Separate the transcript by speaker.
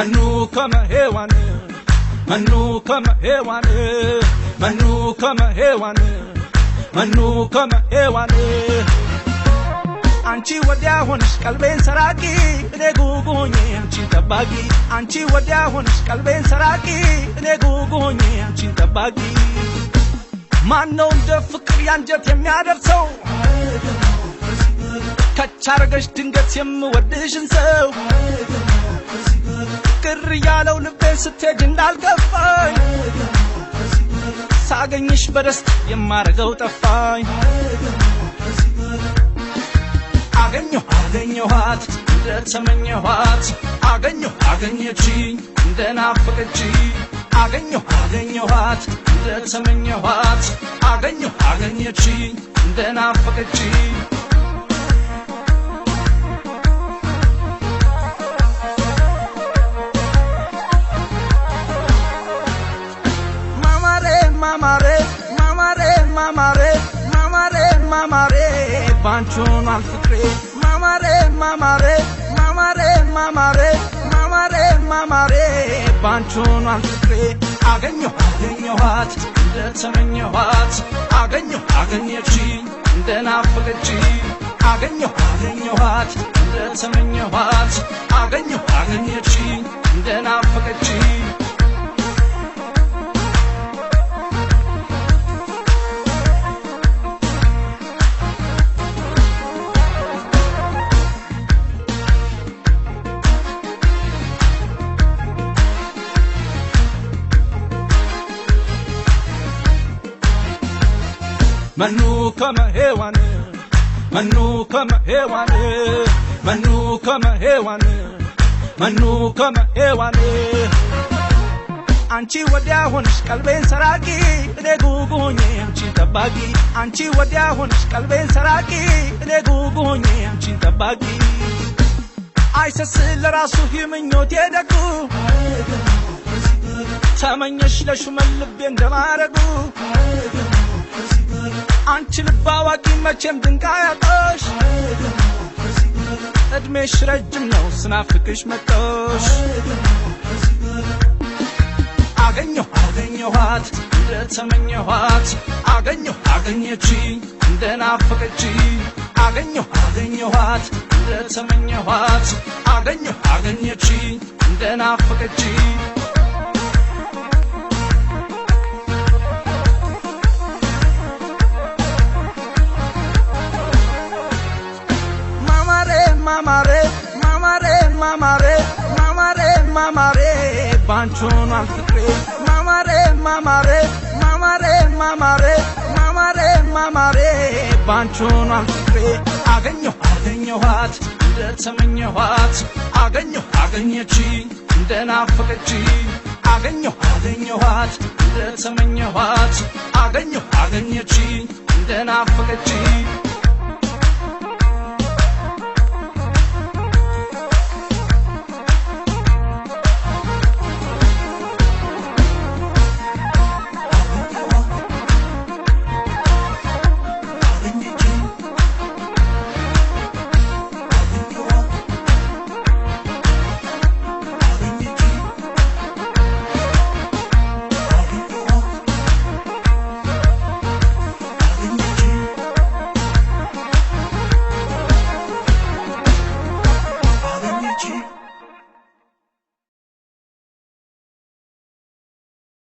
Speaker 1: መኑ ከመሄዋን መኑ ከመሄዋን መኑ ከመሄዋን መኑ ከመሄዋን
Speaker 2: አንቺ ወዲያ ሆንሽ ቀልቤን ሰራቂ እኔ ጉጉኝ አንቺን ጠባቂ አንቺ ወዲያ ሆንሽ ቀልቤን ሰራቂ እኔ ጉጉኝ አንቺን ጠባቂ ማነው እንደ ፍቅር ያንጀት የሚያደርሰው ከቻርገሽ ድንገት የምወድሽን ሰው ቅር ያለው ልቤ ስትሄድ እንዳልከፋኝ ሳገኝሽ በደስታ የማረገው ጠፋኝ። አገኘሁ አገኘኋት እንደተመኘኋት አገኘሁ አገኘችኝ እንደናፈቀችኝ አገኘሁ አገኘኋት እንደተመኘኋት አገኘሁ አገኘችኝ እንደናፈቀችኝ ሆኗል ፍቅሬ ማማሬ ማማሬ ማማሬ ማማሬ ማማሬ ማማሬ ባንቺ ሆኗል ፍቅሬ አገኘሁ አገኘኋት እንደተመኘኋት አገኘሁ አገኘችኝ እንደናፈቀችኝ አገኘሁ አገኘኋት እንደተመኘኋት አገኘሁ አገኘችኝ
Speaker 1: መኑ kama hewane መኑ ከመ ሔዋን መኑ ከመ ሔዋን መኑ ከመ ሔዋን
Speaker 2: አንቺ ወዲያ ሆንሽ ቀልቤን ሰራቂ እኔ ጉጉ ሆኜ አንቺን ጠባቂ አንቺ ወዲያ ሆንሽ ቀልቤን ሰራቂ እኔ ጉጉ ሆኜ አንቺን ጠባቂ አይሰስ ለራሱ ምኞቴ ደጉ ተመኘሽ ለሹመን ልቤ እንደማረጉ አንቺ ልብ አዋቂ መቼም ድንቅ አያጣሽ እድሜሽ ረጅም ነው ስናፍቅሽ መጣሽ አገኘሁ አገኘኋት እንደተመኘኋት አገኘሁ አገኘችኝ እንደናፈቀች አገኘሁ አገኘኋት እንደተመኘኋት አገኘሁ አገኘችኝ እንደናፈቀች አንቹኗል ፍቅሬ ማማሬ ማማሬ ማማሬ ማማሬ ማማሬ ማማሬ ባንቹኗል ፍቅሬ አገኘሁ አገኘኋት እንደተመኘኋት አገኘሁ አገኘችኝ እንደናፈቀችኝ አገኘሁ አገኘኋት እንደተመኘኋት አገኘሁ አገኘችኝ እንደናፈቀችኝ